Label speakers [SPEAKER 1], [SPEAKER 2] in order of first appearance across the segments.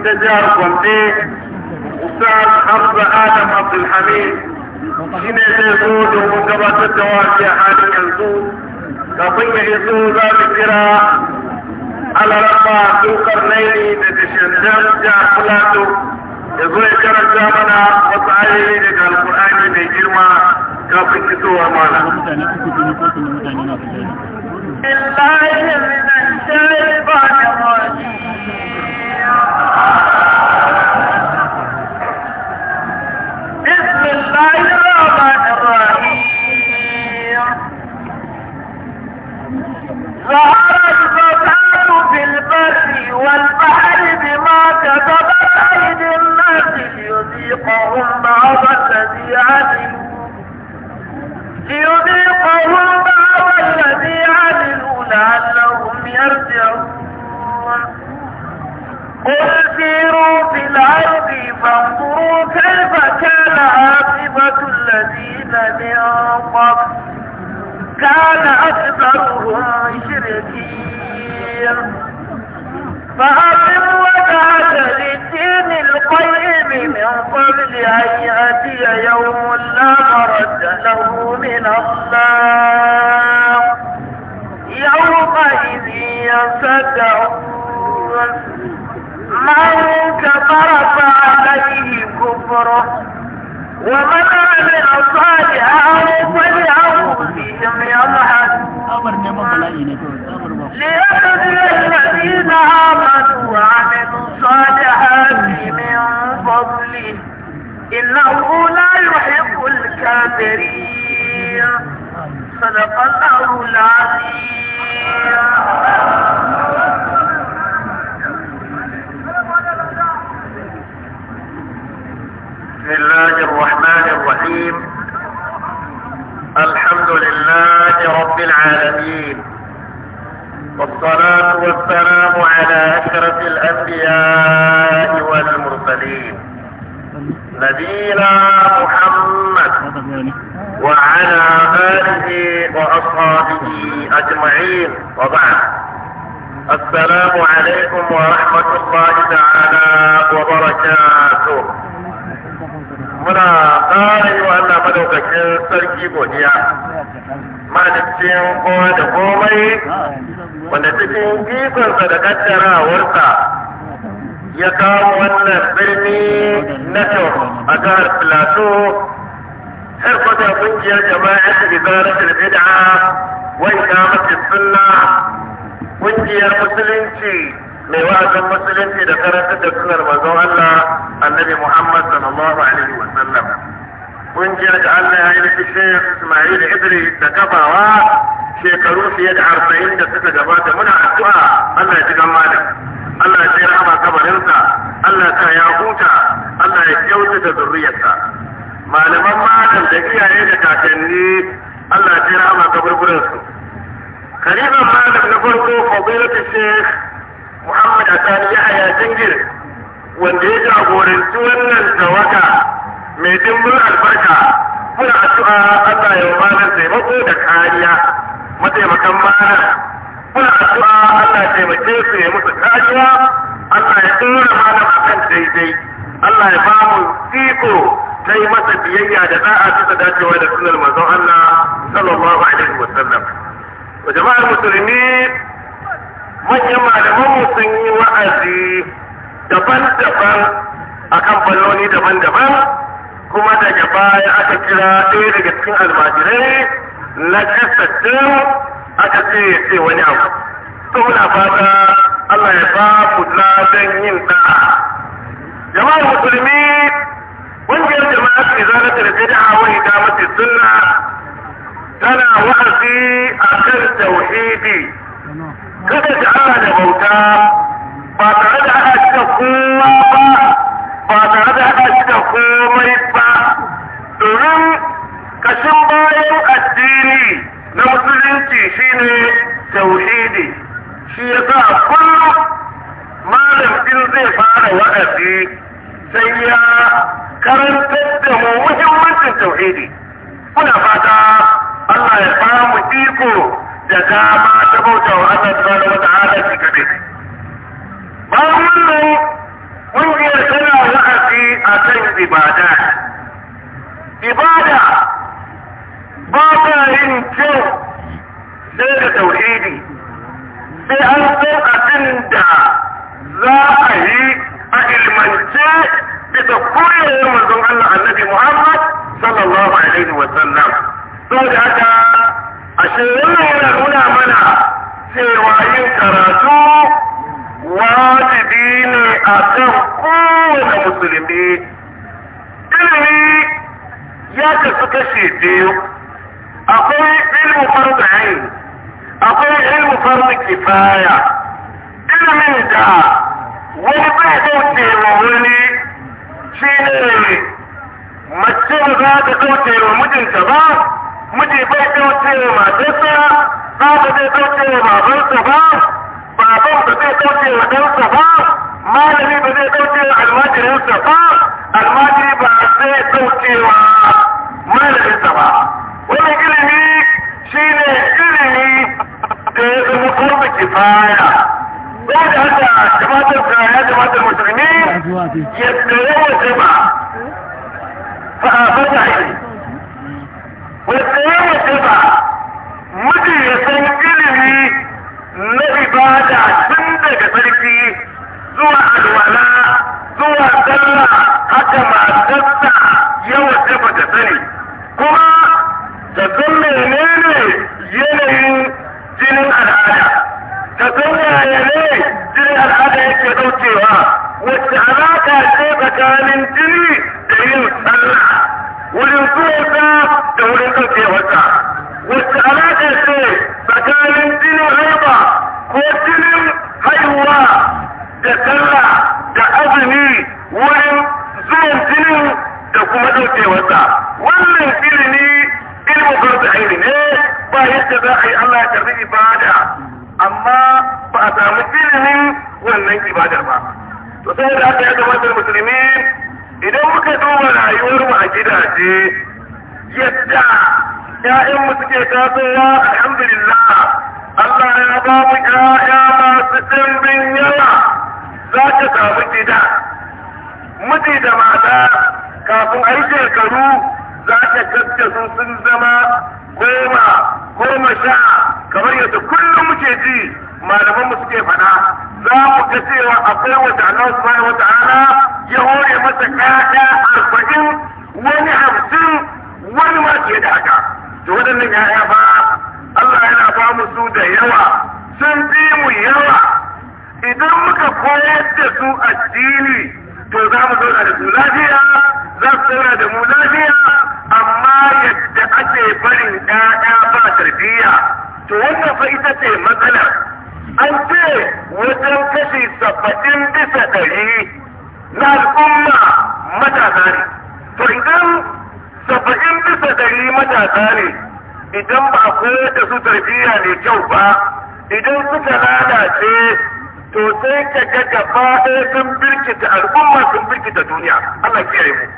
[SPEAKER 1] التجار قلبي أستاذ حفظ آدم عبد الحميد إن يزود ومجرد التواجه حالي كنزود قطية يزود بكرا على رفع دو قرنيني تتشنجم جاء خلاته يزود كرم جامنا وطعيلين إذا القرآن يجرم قطية يزود مالا الله نعم. من الشيطان
[SPEAKER 2] فانظروا كيف كان عاقبة
[SPEAKER 1] الذين من قبل كان أكثرهم مشركين فأقم وجهك للدين القيم من قبل أن يأتي يوم لا مرد له من الله يومئذ يصدعون من كفر فعليه كفره ومن عمل صالحا فلأنفسهم يمحد ليجزي الذين آمنوا وعملوا الصالحات من فضله إنه لا يحب الكافرين صدق الله العظيم الأنبياء والمرسلين نبينا محمد وعلى آله وأصحابه أجمعين وبعد السلام عليكم ورحمة الله تعالى وبركاته منا قالي وأنا ملوك سرقي بنيا ما نتشين قوة قومي ونتشين كيف سرقت راورتا ya kawo wannan birni na kyau a jihar Filato, har kwata kungiyar jama'a ta izara da bid'a wai ta mace sunna kungiyar musulunci mai wa'azin musulunci da karanta da sunar manzon Allah annabi Muhammad sallallahu alaihi wa sallam kungiyar da Allah ya yi nufi Sheikh Ismail Idris da kafawa shekaru fiye da arba'in da suka gabata muna addu'a Allah ya ji gan malam Allah ya rahama kabarinsa Allah ya ya huta Allah ya kyautata zurriyarsa malaman matan da iyaye da kakanni Allah ya rahama kabarinsu. kariban malam na farko fadilatu sheikh Muhammad Asani Yahya Jingir wanda ya jagoranci wannan tawaka mai dimbin albarka muna addu'a Allah ya malam taimako da kariya mataimakan malam muna addu'a Allah ya taimake su ya musu kariya Allah ya tsora mana akan daidai Allah ya ba mu iko ta yi masa biyayya da da'a bisa dacewa da sunan manzon Allah sallallahu alaihi wa sallam wa jama'ar musulmi manyan malaman mu sun yi wa'azi daban-daban akan fannoni daban-daban kuma daga baya aka kira ɗaya daga cikin almajirai na kasashen aka ce ya ce wani abu to muna fata Allah ya ba ku don yin da'a jama'ar musulmi ƙungiyar jama'a ce za ta da bid'a wani da mace sunna tana wa'azi a kan tauhidi kada ta Allah da bauta ba tare da aka da kowa ba ba tare da aka da komai ba domin kashin bayan addini na musulunci shine tauhidi shi yasa kullum malam din zai fara wa'azi sai ya karantar da mu muhimmancin tauhidi muna fata Allah ya bamu iko da dama ta bauta wa Allah subhanahu wa ta'ala shi kadai bayan wannan kungiyar tana wa'azi a kan ibada ibada abin kyau sai da tauhidi sai an san abin da za a yi a ilmance bisa koyarwar manzon Allah annabi Muhammad sallallahu alaihi wa sallam saboda haka ashe wannan yana nuna mana cewa yin karatu wajibi ne a kan kowane musulmi ilimi ya kasu kashe biyu اقول علم فرض عين اقول علم فرض كفاية علم انت وضع دوتي وولي شيني مجسر ذات دوتي ومجن تبا مجي بيت دوتي وما تسا بابا دي دوتي وما بلت با بابا دي دوتي ودوت ما لدي بدي دوتي المجر يوسف المجري بعد دوتي لدي سبا wani ilimi shi ne ilimi da ya zama kurbi kifaya ko da haka jama'atar da ya jama'atar musulmi ya tsaye wa jama fa'afata shi ya tsaye wa jama mutum ya san ilimi na ibada tun daga sarki zuwa alwala zuwa sallah haka matarsa yawa jama da sani kuma ta san menene yanayin jinin al'ada ta san menene jinin al'ada yake ɗaukewa wacce alaƙa ce tsakanin jini da yin sallah wurin zuwan to sai da aka ya zama musulmi idan muka duba rayuwar mu a gidaje yadda yayan mu suke tasowa alhamdulillah Allah ya ba mu yaya masu dimbin yawa za ka samu gida miji da mata kafin a yi shekaru za ka kaske sun sun zama goma goma sha kamar yadda kullum muke ji malamanmu mu suke faɗa za mu ga cewa akwai wata Allah subhanahu wa ta'ala ya hore masa ƴaƴa arba'in wani hamsin wani ma fiye da haka to waɗannan 'ya'ya ba Allah yana ba mu su da yawa sun fi mu yawa idan muka koyar da su addini to za mu zauna da su lafiya za su zauna da mu lafiya amma yadda ake barin 'ya'ya ba tarbiyya to wannan fa ita ce matsalar an ce wajen kashi saba'in bisa ɗari na al'umma matasa ne to idan saba'in bisa ɗari matasa ne idan ba a koyar da su tarbiyya ne kyau ba idan suka lalace to sai ka ga gaba ɗaya sun birkita al'umma sun birkita duniya Allah kiyaye mu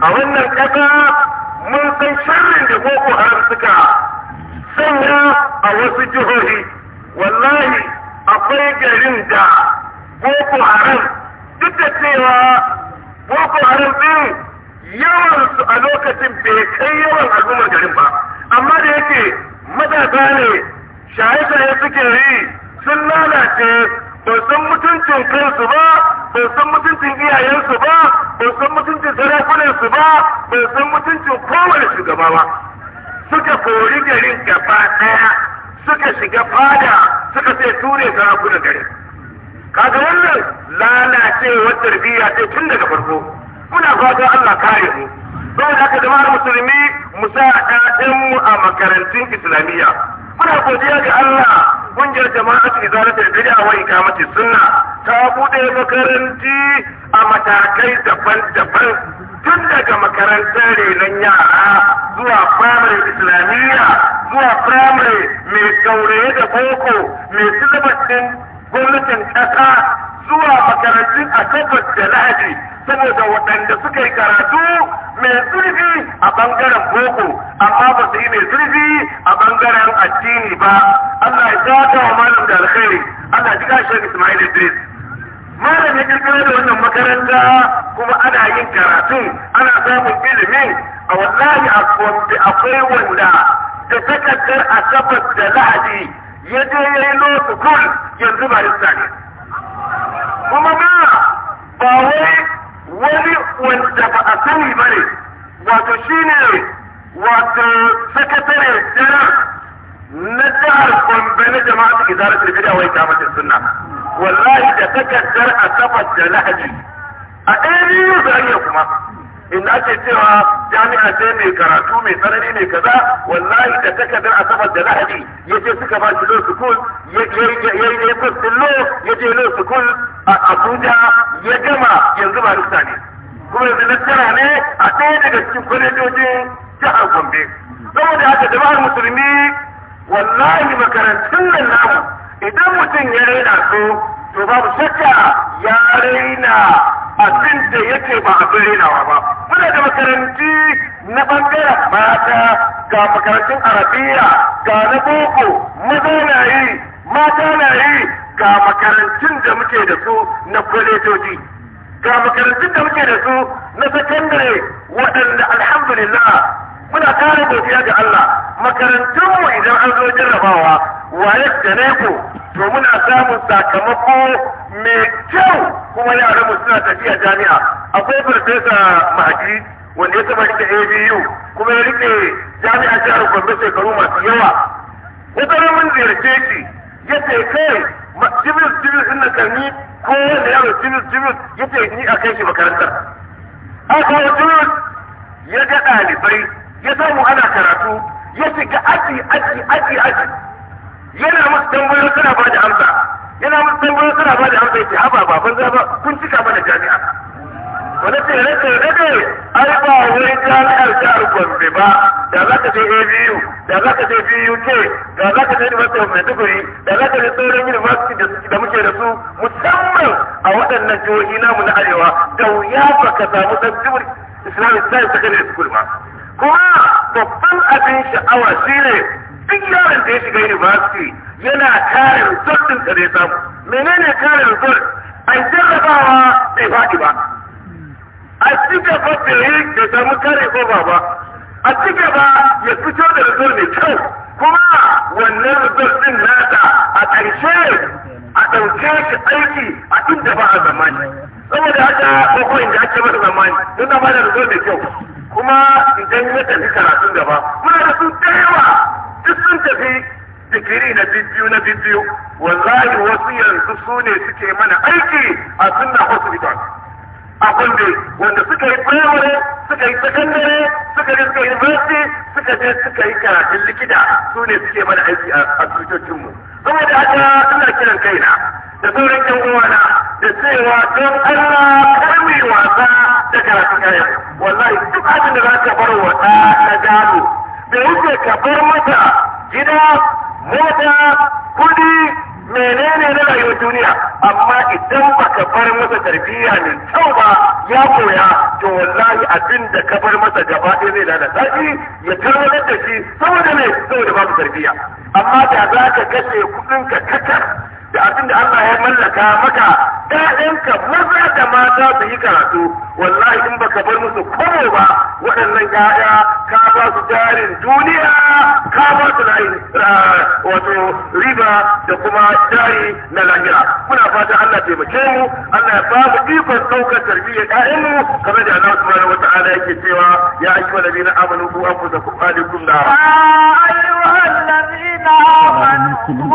[SPEAKER 1] a wannan ƙasa mun san sharrin da boko haram suka sanya a wasu jihohi wallahi akwai garin da boko haram duk da cewa boko haram din yawan a lokacin bai kai yawan al'ummar garin ba amma da yake matasa ne shaye-shaye suke yi sun lalace ba san mutuncin kansu ba ba san mutuncin iyayensu ba ba san mutuncin sarakunansu ba ba san mutuncin kowane shugaba ba suka kori garin gaba ɗaya suka shiga fada suka sai ture sarakunan gari
[SPEAKER 2] kaga wannan lalacewar tarbiyya
[SPEAKER 1] ce tun daga farko muna fatan Allah kare mu don haka jama'ar musulmi mu sa ɗaɗin mu a makarantun islamiyya muna godiya ga Allah kungiyar jama'atu izalatul bid'a wa ikamati sunna ta bude makaranti a matakai daban-daban tun daga makarantar renon yara zuwa firamare islamiyya zuwa firamare mai gauraye da boko mai silibacin gwamnatin ƙasa zuwa makarantun a tabbas da lahadi saboda waɗanda suka yi karatu mai zurfi a ɓangaren boko amma ba su yi mai zurfi a ɓangaren addini ba Allah ya saka wa malam da alkhairi Allah ji da Ismail Idris malam ya kirkiro da wannan makaranta kuma ana yin karatu ana samun ilimin a wallahi akwai wanda تفكر اصبت لحدي يدي يلو تقول يلو بارساني وما ما باوي ولي وانتفع اصني بني واتشيني واتسكتري جرع ندعر من بين جماعة إدارة البداية وإكامة السنة والله تفكر اصبت لحدي أدري يزعيكم in ake cewa jami'a ce mai karatu mai tsanani mai kaza wallahi da takardar asabar da lahadi ya je suka ba shi law school ya yi ya kwas din a abuja ya gama yanzu ba rufta ne kuma yanzu tsara ne a ɗaya daga cikin kwalejojin jihar gombe saboda haka jama'ar musulmi wallahi makarantun nan namu idan mutum ya raina so to babu shakka ya raina abin da yake ba abin renawa ba muna da makaranti na bangaren mata ga makarantun arabiya ga na boko maza na yi mata na yi ga makarantun da muke da su na kwalejoji ga makarantun da muke da su na sakandare waɗanda alhamdulillah muna kare godiya ga Allah makarantunmu idan an zo jarrabawa waye da neko to muna samun sakamako mai kyau kuma yaran mu suna tafiya jami'a akwai farfesa mahaji wanda ya taba rike abu kuma ya rike jami'a jihar gombe shekaru masu yawa wata mun ziyarce shi ya ce kai
[SPEAKER 2] jibril jibril ina karni ko wanda yaro
[SPEAKER 1] jibril jibril ya ce ni a kai shi makarantar aka wa jibril ya ga ɗalibai ya samu ana karatu ya shiga aji aji aji aji yana musu tambayoyi suna ba da amsa yana mun sai wani ba da amsa yake haba ba ban ba kun cika mana jami'a wani ce ne ne ai ba wai jami'ar jihar Gombe ba da za ka je ABU da za ka je BUK da za ka je University of Maiduguri da za ka je sauran university da muke da su musamman a waɗannan jihohi namu na arewa
[SPEAKER 2] da wuya ba ka samu dan jibir Islamic Science Secondary
[SPEAKER 1] School ma kuma babban abin sha'awa shine duk yaron da ya shiga university yana kare result din da ya samu menene kare result An jarrabawa bai faɗi ba a cika ba da yi da samu kare ko ba a cika ba ya fito da result mai kyau kuma wannan result din nasa a ƙarshe a ɗauke shi aiki a inda ba a zamani
[SPEAKER 2] saboda haka
[SPEAKER 1] ko ko inda ake masa zamani don ba da zo mai kyau kuma idan ya tafi karatun gaba muna da su da yawa duk sun tafi digiri na biyu na biyu wallahi wasu yanzu su ne suke mana aiki a sunna hospital a kunde wanda suka yi primary suka yi secondary suka yi suka university suka je
[SPEAKER 2] suka yi karatun
[SPEAKER 1] likita su ne suke mana aiki a asibitocinmu saboda haka ina kiran kaina da sauran yan uwana da cewa don Allah kar mu yi wasa da karatun kayan wallahi duk abin da za ka bar wa ɗa na gado da yake ka mata gida mota kudi menene na rayuwar duniya amma idan baka bar masa tarbiyya mai kyau ba ya koya to wallahi abin da ka bar masa gaba ɗaya zai lalata shi ya tarwata da shi saboda mai saboda babu tarbiyya amma da za ka kashe kuɗin ka kakar da abin da Allah ya mallaka maka mata su yi karatu wallahi in baka bar musu komo ba waɗannan ya'ya ka ba su jarin duniya ka ba su ah, wato riba da kuma jari na lahira muna fata Allah taimake mu Allah ya ba mu ikon ɗaukar tarbiyyar ƴaƴanmu kamar da Allah subhanahu wata'ala yake cewa ya aiki wa amanu ku anfusakum alikum nara ya amanu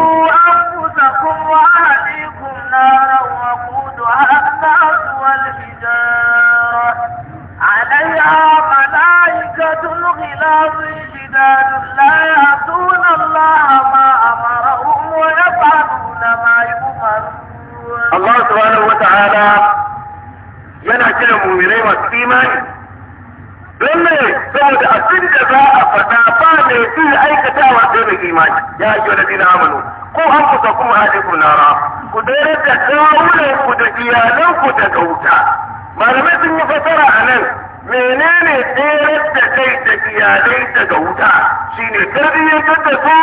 [SPEAKER 1] anfusakum alaikum nara ku dare da kawunan ku da iyalan ku daga wuta malamai sun yi fasara a nan menene tsere da kai da iyalai daga wuta shine tarbiyyantar da su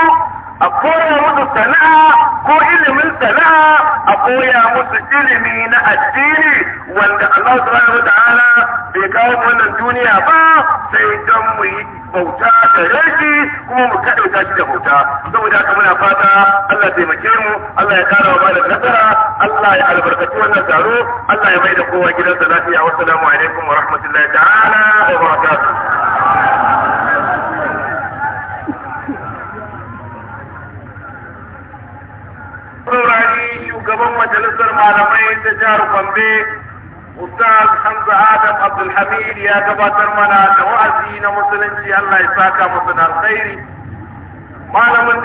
[SPEAKER 1] a koya musu sana'a ko ilimin sana'a a koya musu ilimi na addini wanda Allah subhanahu wataala bai kawo mu wannan duniya ba sai don mu yi bauta gare shi kuma mu kaɗe ta shi da bauta saboda haka muna fata Allah taimake mu Allah ya kara wa malam nasara Allah ya albarkaci wannan taro Allah ya mai da kowa gidansa lafiya wassalamu alaikum wa rahmatullahi ta'ala wa barakatuh زمان مجلس المعلمين تجار قنبي استاذ حمزة آدم عبد الحميد يا قبات المناجة وعزينا مسلم الله يساكا مسلم الخير معلم